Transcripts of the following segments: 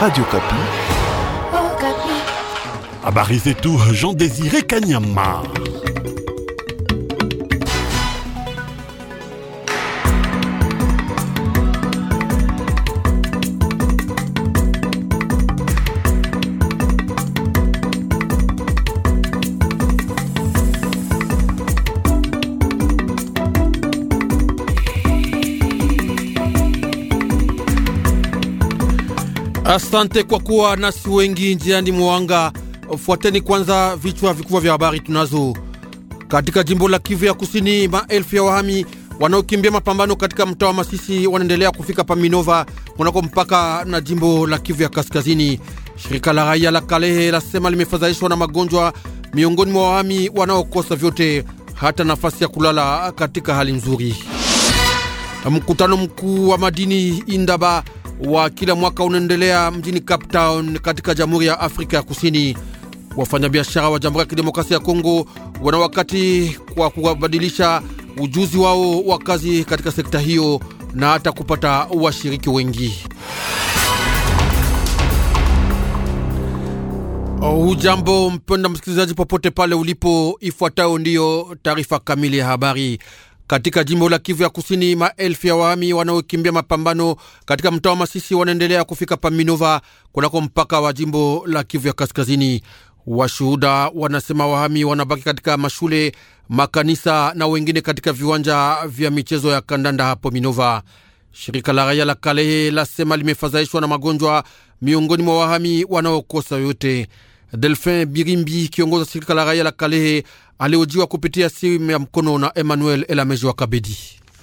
Radio Kapi. Oh, Kapi. À tout Jean-Désiré Kanyama. Asante kwa kuwa nasi wengi njiani mwanga. Fuateni kwanza vichwa vikubwa vya habari tunazo. Katika jimbo la Kivu ya Kusini, maelfu ya wahami wanaokimbia mapambano katika mtaa wa Masisi wanaendelea kufika Paminova kunako mpaka na jimbo la Kivu ya Kaskazini. Shirika la raia la Kalehe lasema limefadhaishwa na magonjwa miongoni mwa wahami wanaokosa vyote, hata nafasi ya kulala katika hali nzuri. Mkutano mkuu wa madini Indaba wa kila mwaka unaendelea mjini Cape Town katika Jamhuri ya Afrika ya Kusini. Wafanyabiashara wa Jamhuri ya Kidemokrasia ya Kongo wana wakati kwa kubadilisha ujuzi wao wa kazi katika sekta hiyo na hata kupata washiriki wengi. Hujambo mpenda msikilizaji, popote pale ulipo, ifuatayo ndiyo taarifa kamili ya habari. Katika jimbo la Kivu ya Kusini, maelfu ya wahami wanaokimbia mapambano katika mtaa wa Masisi wanaendelea kufika Paminova kunako mpaka wa jimbo la Kivu ya Kaskazini. Washuhuda wanasema wahami wanabaki katika mashule, makanisa na wengine katika viwanja vya michezo ya kandanda hapo Minova. Shirika la raia la Kalehe lasema limefadhaishwa na magonjwa miongoni mwa wahami wanaokosa yote delphin Birimbi, kiongozi wa shirika la raia la Kalehe, aliojiwa kupitia simu ya mkono na Emmanuel Elameji wa Kabedi.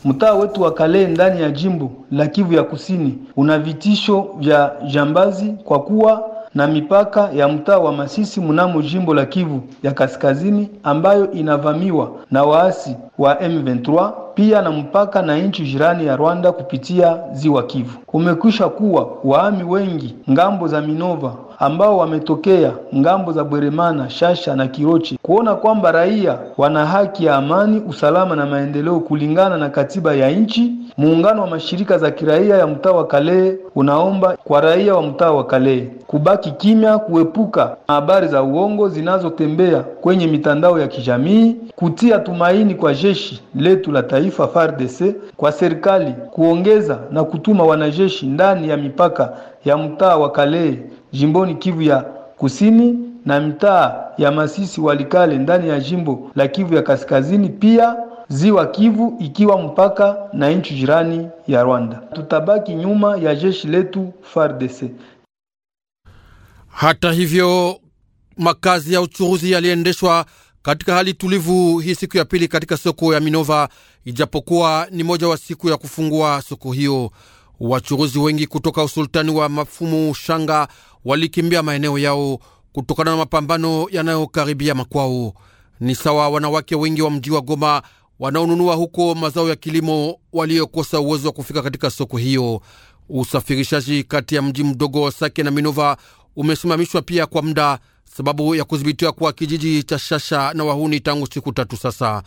Mtaa wetu wa Kalehe ndani ya jimbo la Kivu ya Kusini una vitisho vya jambazi kwa kuwa na mipaka ya mtaa wa Masisi mnamo jimbo la Kivu ya Kaskazini ambayo inavamiwa na waasi wa M23 pia na mpaka na nchi jirani ya Rwanda kupitia ziwa Kivu. Kumekwisha kuwa waami wengi ngambo za Minova ambao wametokea ngambo za Bweremana, Shasha na Kiroche kuona kwamba raia wana haki ya amani, usalama na maendeleo kulingana na katiba ya nchi Muungano wa mashirika za kiraia ya mtaa wa Kale unaomba kwa raia wa mtaa wa Kale kubaki kimya, kuepuka habari za uongo zinazotembea kwenye mitandao ya kijamii, kutia tumaini kwa jeshi letu la taifa FARDC, kwa serikali kuongeza na kutuma wanajeshi ndani ya mipaka ya mtaa wa Kale jimboni Kivu ya Kusini na mitaa ya Masisi Walikale ndani ya jimbo la Kivu ya Kaskazini pia ziwa Kivu ikiwa mpaka na nchi jirani ya Rwanda. Tutabaki nyuma ya jeshi letu FARDC. Hata hivyo, makazi ya uchuruzi yaliendeshwa katika hali tulivu hii siku ya pili katika soko ya Minova, ijapokuwa ni moja wa siku ya kufungua soko hiyo. Wachuruzi wengi kutoka usultani wa mafumu shanga walikimbia maeneo yao kutokana na mapambano yanayokaribia makwao. Ni sawa wanawake wengi wa mji wa Goma wanaonunua huko mazao ya kilimo waliokosa uwezo wa kufika katika soko hiyo. Usafirishaji kati ya mji mdogo wa Sake na Minova umesimamishwa pia kwa muda sababu ya kudhibitiwa kwa kijiji cha Shasha na wahuni tangu siku tatu sasa.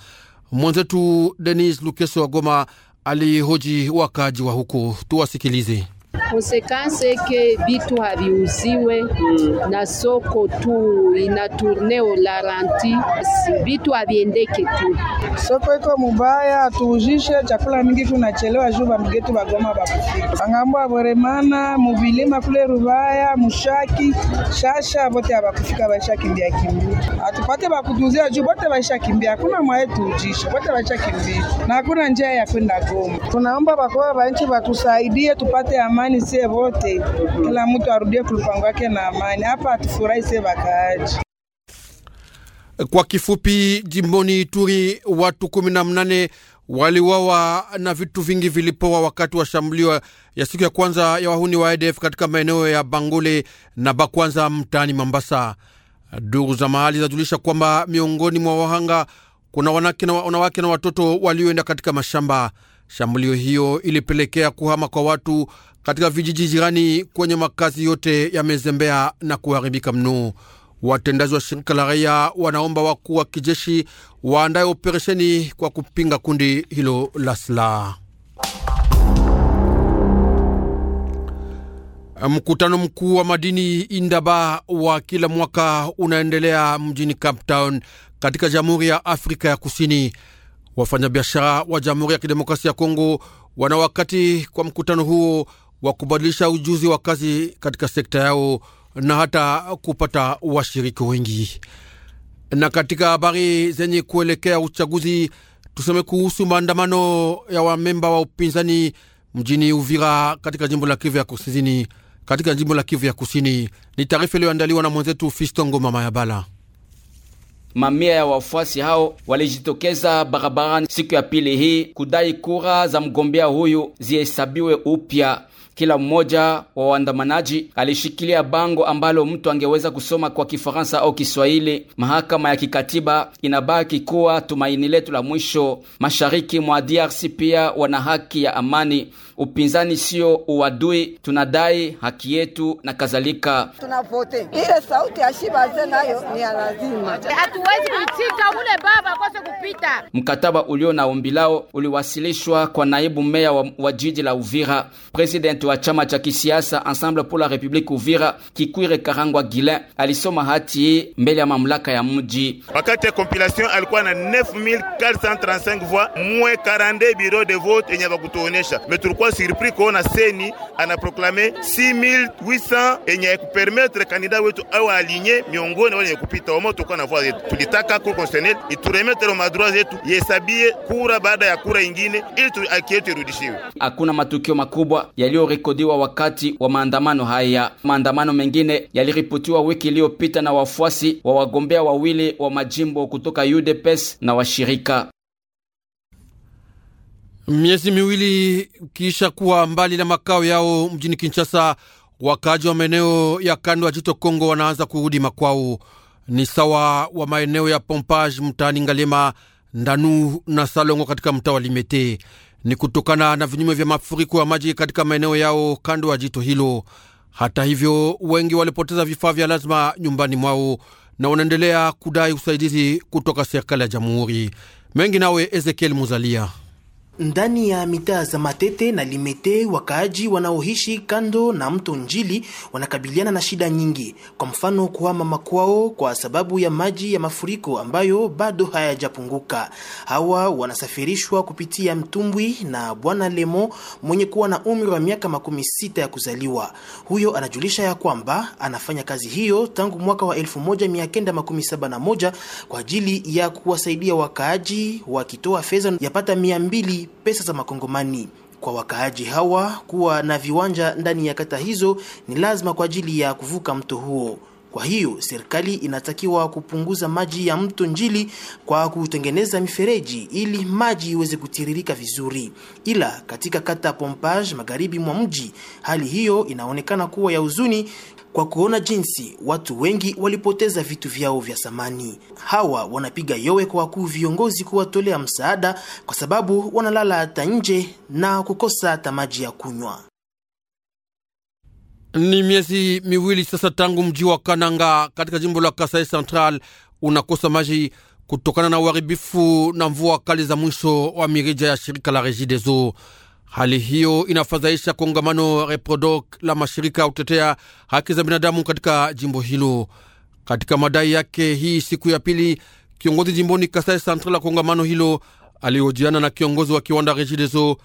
Mwenzetu Denis Lukeso wa Goma alihoji wakaaji wa huko, tuwasikilize konsekanse ke vitu haviuziwe hmm. na soko tu inatuneo la ranti, vitu haviendeke tu. Soko iko mubaya, hatuuzishe chakula mingi, kunachelewa juu bamgetu bagoma bakufika angamba boremana muvilima kule Rubaya mushaki shasha bote abakufika baisha kimbia kimbia, atupate bakutuzia juu bote baisha kimbia, hakuna mwaye tuujishe, bote baisha kimbia na hakuna njia ya kwenda Goma. Tunaomba bakoa vanchi batusaidie tupate amani amani sie wote, kila mtu arudie kulipango yake na amani. Hapa hatufurahi sie wakaaji. Kwa kifupi, jimboni Ituri watu kumi na mnane waliwawa na vitu vingi vilipowa wakati wa shambulio ya siku ya kwanza ya wahuni wa ADF katika maeneo ya Bangole na Bakwanza mtaani Mambasa. Duru za mahali zajulisha kwamba miongoni mwa wahanga kuna wanawake na watoto walioenda katika mashamba. Shambulio hiyo ilipelekea kuhama kwa watu katika vijiji jirani kwenye makazi yote yamezembea na kuharibika mno. Watendaji wa shirika la raia wanaomba wakuu wa kijeshi waandaye operesheni kwa kupinga kundi hilo la silaha. Mkutano mkuu wa madini Indaba wa kila mwaka unaendelea mjini Cape Town katika Jamhuri ya Afrika ya Kusini. Wafanyabiashara wa Jamhuri ya Kidemokrasia ya Kongo wana wakati kwa mkutano huo wa kubadilisha ujuzi wa kazi katika sekta yao na hata kupata washiriki wengi. Na katika habari zenye kuelekea uchaguzi, tuseme kuhusu maandamano ya wamemba wa upinzani mjini Uvira katika jimbo la Kivu ya Kusini, katika jimbo la Kivu ya Kusini. Ni taarifa iliyoandaliwa na mwenzetu Fistongo Mama bala Mamia ya wafuasi hao walijitokeza barabarani siku ya pili hii kudai kura za mgombea huyu zihesabiwe upya. Kila mmoja wa waandamanaji alishikilia bango ambalo mtu angeweza kusoma kwa Kifaransa au Kiswahili. Mahakama ya kikatiba inabaki kuwa tumaini letu la mwisho. Mashariki mwa DRC pia wana haki ya amani. Upinzani sio uadui, tunadai haki yetu na kadhalika. ile sauti ya ni lazima, hatuwezi ule baba kupita. Mkataba ulio na ombi lao uliwasilishwa kwa naibu meya wa, wa jiji la Uvira. President wa chama cha kisiasa Ensemble pour la république Uvira, Kikwire Karangwa Gilin alisoma hati mbele ya mamlaka ya mji. Wakati ya compilation alikuwa na 9435 voix moins 42 bureaux de vote yenye bakutuonesha, me tulikuwa surpris kuona seni anaproklame 6800 yenye kupermettre kandida wetu au alinye miongoni wale kupita moto kwa na voix zetu. Tulitaka cour constitutionnelle au madroit yetu yesabie kura baada ya kura ingine, ili tu yetu irudishiwe. Hakuna matukio makubwa yaliyo yalirekodiwa wakati wa maandamano haya. Maandamano mengine yaliripotiwa wiki iliyopita na wafuasi wa wagombea wawili wa majimbo kutoka UDPS na washirika Miezi miwili kisha kuwa mbali na makao yao mjini Kinshasa, wakaji wa maeneo ya kando ya jito Kongo wanaanza kurudi makwao. Ni sawa wa maeneo ya Pompage mtaani Ngalema, Ndanu na Salongo katika mtaa wa Limete ni kutokana na vinyume vya mafuriko ya maji katika maeneo yao kando ya jito hilo. Hata hivyo, wengi walipoteza vifaa vya lazima nyumbani mwao na wanaendelea kudai usaidizi kutoka serikali ya jamhuri. Mengi nawe Ezekiel Muzalia. Ndani ya mitaa za Matete na Limete, wakaaji wanaoishi kando na mto Njili wanakabiliana na shida nyingi, kwa mfano kuhama makwao kwa sababu ya maji ya mafuriko ambayo bado hayajapunguka. Hawa wanasafirishwa kupitia mtumbwi na Bwana Lemo mwenye kuwa na umri wa miaka makumi sita ya kuzaliwa. Huyo anajulisha ya kwamba anafanya kazi hiyo tangu mwaka wa moja kwa ajili ya kuwasaidia wakaaji, wakitoa fedha yapata mia mbili pesa za Makongomani. Kwa wakaaji hawa kuwa na viwanja ndani ya kata hizo ni lazima kwa ajili ya kuvuka mto huo. Kwa hiyo serikali inatakiwa kupunguza maji ya mto Njili kwa kutengeneza mifereji ili maji iweze kutiririka vizuri. Ila katika kata Pompage, magharibi mwa mji, hali hiyo inaonekana kuwa ya huzuni, kwa kuona jinsi watu wengi walipoteza vitu vyao vya samani. Hawa wanapiga yowe kwa wakuu viongozi kuwatolea msaada, kwa sababu wanalala hata nje na kukosa hata maji ya kunywa. Ni miezi miwili sasa tangu mji wa Kananga katika jimbo la Kasai Central unakosa maji kutokana na uharibifu na mvua kali za mwisho wa mirija ya shirika la Regideso. Hali hiyo inafadhaisha kongamano Reprodoc la mashirika ya kutetea haki za binadamu katika jimbo hilo. Katika madai yake hii siku ya pili, kiongozi jimboni Kasai Central la kongamano hilo alihojiana na kiongozi wa kiwanda Regideso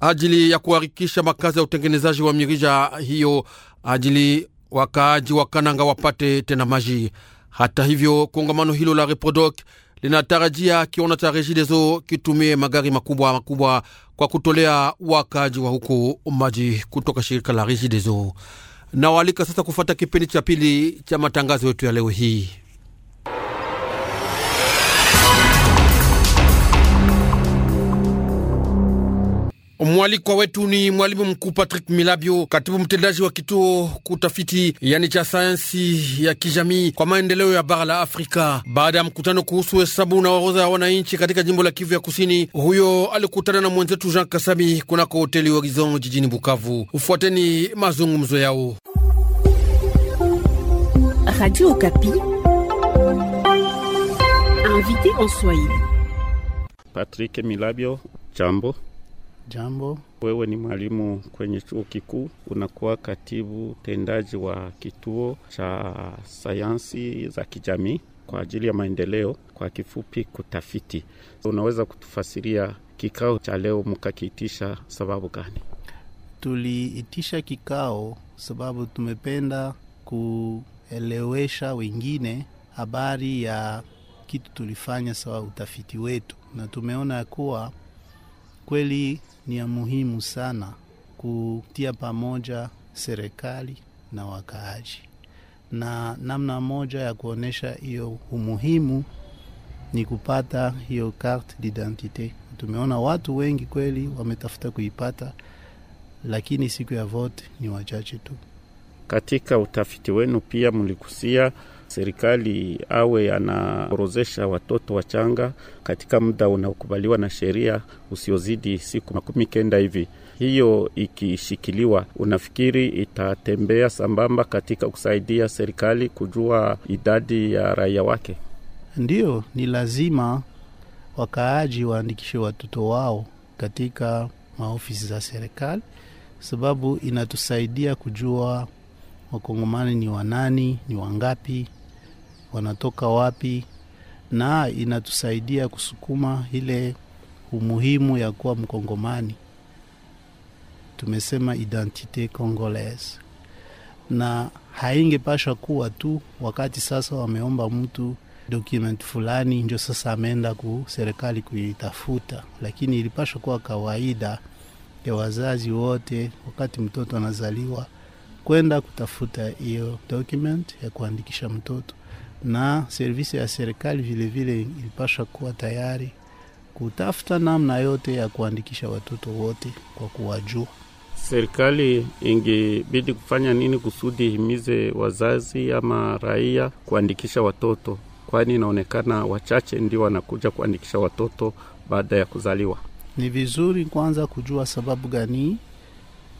ajili ya kuharikisha makazi ya utengenezaji wa mirija hiyo ajili wakaaji wa Kananga wapate tena maji. Hata hivyo kongamano hilo la Reprodoc linatarajia kiwanda cha Regideso kitumie magari makubwa makubwa kwa kutolea wakaji wa huko maji kutoka shirika la Regideso. Nawaalika sasa kufata kipindi cha pili cha matangazo yetu ya leo hii. Mwalikwa wetu ni mwalimu mkuu Patrick Milabio, katibu mtendaji wa kituo kutafiti yani cha sayansi ya kijamii kwa maendeleo ya bara la Afrika. Baada ya mkutano kuhusu hesabu na waroza ya wananchi katika jimbo la Kivu ya Kusini, huyo alikutana na mwenzetu Jean Kasami kunako hoteli Horizon jijini Bukavu. Ufuateni mazungumzo yao. Radio Okapi, invité en Swahili. Patrick Milabio, jambo. Jambo. Wewe ni mwalimu kwenye chuo kikuu, unakuwa katibu tendaji wa kituo cha sayansi za kijamii kwa ajili ya maendeleo, kwa kifupi KUTAFITI. Unaweza kutufasiria kikao cha leo mkakiitisha sababu gani? Tuliitisha kikao sababu tumependa kuelewesha wengine habari ya kitu tulifanya sawa utafiti wetu, na tumeona kuwa kweli ni ya muhimu sana kutia pamoja serikali na wakaaji, na namna moja ya kuonyesha hiyo umuhimu ni kupata hiyo carte d'identite. Tumeona watu wengi kweli wametafuta kuipata, lakini siku ya vote ni wachache tu. Katika utafiti wenu pia mlikusia serikali awe anaorozesha watoto wachanga katika muda unaokubaliwa na sheria usiozidi siku makumi kenda hivi. Hiyo ikishikiliwa, unafikiri itatembea sambamba katika kusaidia serikali kujua idadi ya raia wake? Ndiyo, ni lazima wakaaji waandikishe watoto wao katika maofisi za serikali, sababu inatusaidia kujua wakongomani ni wanani, ni wangapi wanatoka wapi, na inatusaidia kusukuma ile umuhimu ya kuwa Mkongomani. Tumesema identite congolaise, na haingepasha kuwa tu wakati sasa wameomba mtu document fulani ndio sasa ameenda ku serikali kuitafuta, lakini ilipasha kuwa kawaida ya wazazi wote wakati mtoto anazaliwa kwenda kutafuta hiyo document ya kuandikisha mtoto na servisi ya serikali vilevile ilipasha kuwa tayari kutafuta namna yote ya kuandikisha watoto wote kwa kuwajua. Serikali ingebidi kufanya nini kusudi ihimize wazazi ama raia kuandikisha watoto, kwani inaonekana wachache ndio wanakuja kuandikisha watoto baada ya kuzaliwa. Ni vizuri kwanza kujua sababu gani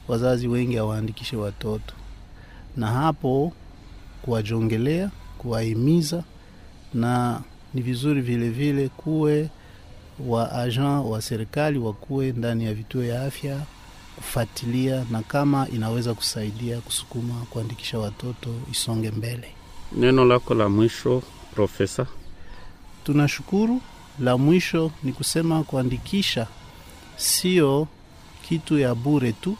wazazi wengi hawaandikishe watoto, na hapo kuwajongelea kuwahimiza, na ni vizuri vile vile kuwe wa agent wa serikali wakuwe ndani ya vituo ya afya kufuatilia, na kama inaweza kusaidia kusukuma kuandikisha watoto isonge mbele. Neno lako la mwisho Profesa? Tunashukuru. La mwisho ni kusema kuandikisha sio kitu ya bure tu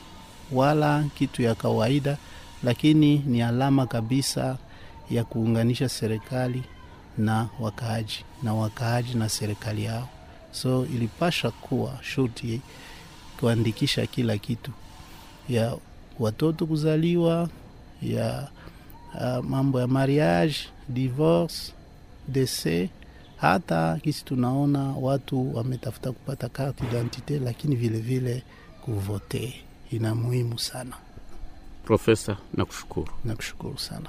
wala kitu ya kawaida, lakini ni alama kabisa ya kuunganisha serikali na wakaaji na wakaaji na serikali yao. So ilipasha kuwa shuti kuandikisha kila kitu ya watoto kuzaliwa, ya uh, mambo ya mariage, divorce, dese. Hata kisi tunaona watu wametafuta kupata karte identite, lakini vilevile kuvote ina muhimu sana. Profesa, nakushukuru. Nakushukuru sana.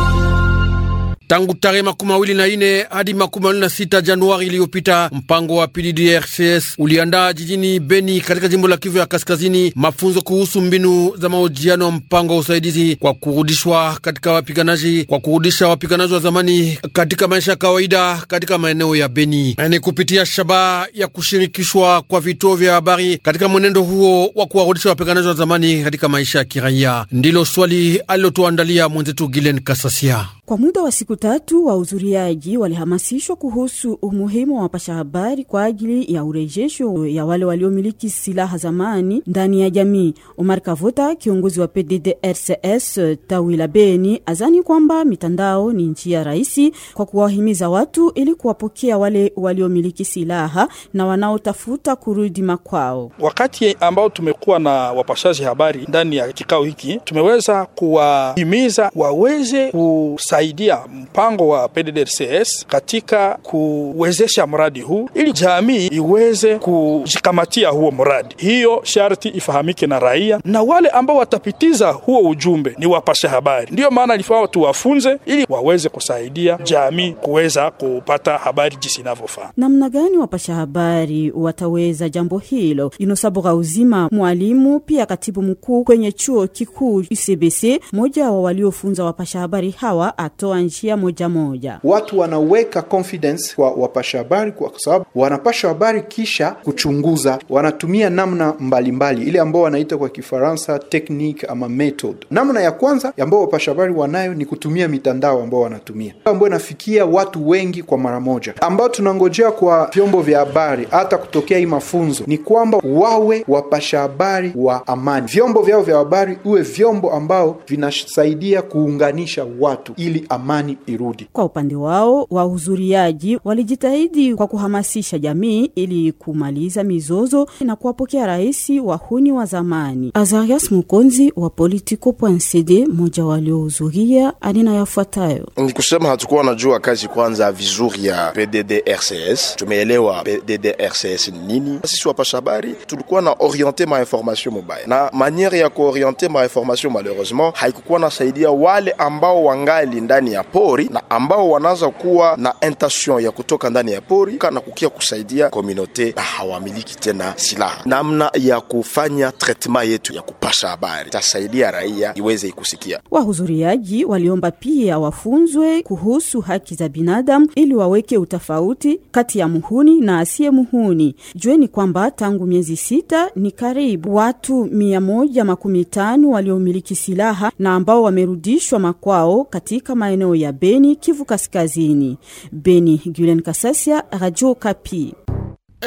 Tangu tarehe makumi mawili na ine hadi makumi mawili na sita Januari iliyopita, mpango wa PDDRCS uliandaa jijini Beni katika jimbo la Kivu ya Kaskazini mafunzo kuhusu mbinu za mahojiano ya mpango wa usaidizi kwa kurudishwa katika wapiganaji kwa kurudisha wapiganaji wa zamani katika maisha ya kawaida katika maeneo ya Beni. Ni kupitia shabaha ya kushirikishwa kwa vituo vya habari katika mwenendo huo wa kuwarudisha wapiganaji wa zamani katika maisha ya kiraia, ndilo swali alilotuandalia mwenzetu Gilen Kasasia. Kwa muda wa siku tatu wahudhuriaji walihamasishwa kuhusu umuhimu wa wapasha habari kwa ajili ya urejesho ya wale waliomiliki silaha zamani ndani ya jamii. Omar Kavota, kiongozi wa PDDRCS tawi la Beni, azani kwamba mitandao ni njia rahisi kwa kuwahimiza watu ili kuwapokea wale waliomiliki silaha na wanaotafuta kurudi makwao. Wakati ambao tumekuwa na wapashaji habari ndani ya kikao hiki, tumeweza kuwahimiza waweze ku kusaidia mpango wa PDDRCS katika kuwezesha mradi huu ili jamii iweze kujikamatia huo mradi. Hiyo sharti ifahamike na raia na wale ambao watapitiza huo ujumbe ni wapasha habari. Ndiyo maana ilifaa tuwafunze ili waweze kusaidia jamii kuweza kupata habari jinsi inavyofaa. Namna gani wapasha habari wataweza jambo hilo? Inosabora Uzima, mwalimu pia katibu mkuu kwenye chuo kikuu UCBC, moja wa waliofunza wapasha habari hawa atoa njia moja moja. Watu wanaweka confidence kwa wapasha habari, kwa sababu wanapasha habari kisha kuchunguza, wanatumia namna mbalimbali, ile ambao wanaita kwa Kifaransa technique ama method. Namna ya kwanza ambao wapasha habari wanayo ni kutumia mitandao ambao wanatumia ambayo inafikia watu wengi kwa mara moja, ambao tunangojea kwa vyombo vya habari hata kutokea hii mafunzo ni kwamba wawe wapasha habari wa amani, vyombo vyao vya habari uwe vyombo ambao vinasaidia kuunganisha watu ili ili amani irudi. Kwa upande wao, wahudhuriaji walijitahidi kwa kuhamasisha jamii ili kumaliza mizozo na kuwapokea rais wahuni wa zamani. Azarias Mukonzi wa Politico.cd, mmoja waliohudhuria, anena yafuatayo: ni kusema hatukuwa najua kazi kwanza vizuri ya PDDRCS. Tumeelewa PDDRCS ni nini. Sisi wapasha habari tulikuwa na oriente ma information mubaya, na maniere ya kuoriente ma information malheureusement haikukuwa nasaidia wale ambao wangali ndani ya pori na ambao wanaanza kuwa na intention ya kutoka ndani ya pori kana kukia kusaidia komunote, na hawamiliki tena silaha. Namna ya kufanya traitement yetu ya kupasha habari tasaidia raia iweze ikusikia. Wahudhuriaji waliomba pia wafunzwe kuhusu haki za binadamu ili waweke utofauti kati ya muhuni na asiye muhuni. Jueni kwamba tangu miezi sita ni karibu watu mia moja makumi tano waliomiliki silaha na ambao wamerudishwa makwao katika katika maeneo ya Beni, Kivu Kaskazini. Beni, Gulen Kasasia, Radio Kapi.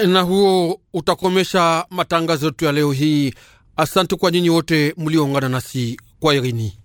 Na huo utakomesha matangazo yetu ya leo hii. Asante kwa nyinyi wote mlioungana nasi kwa Irini.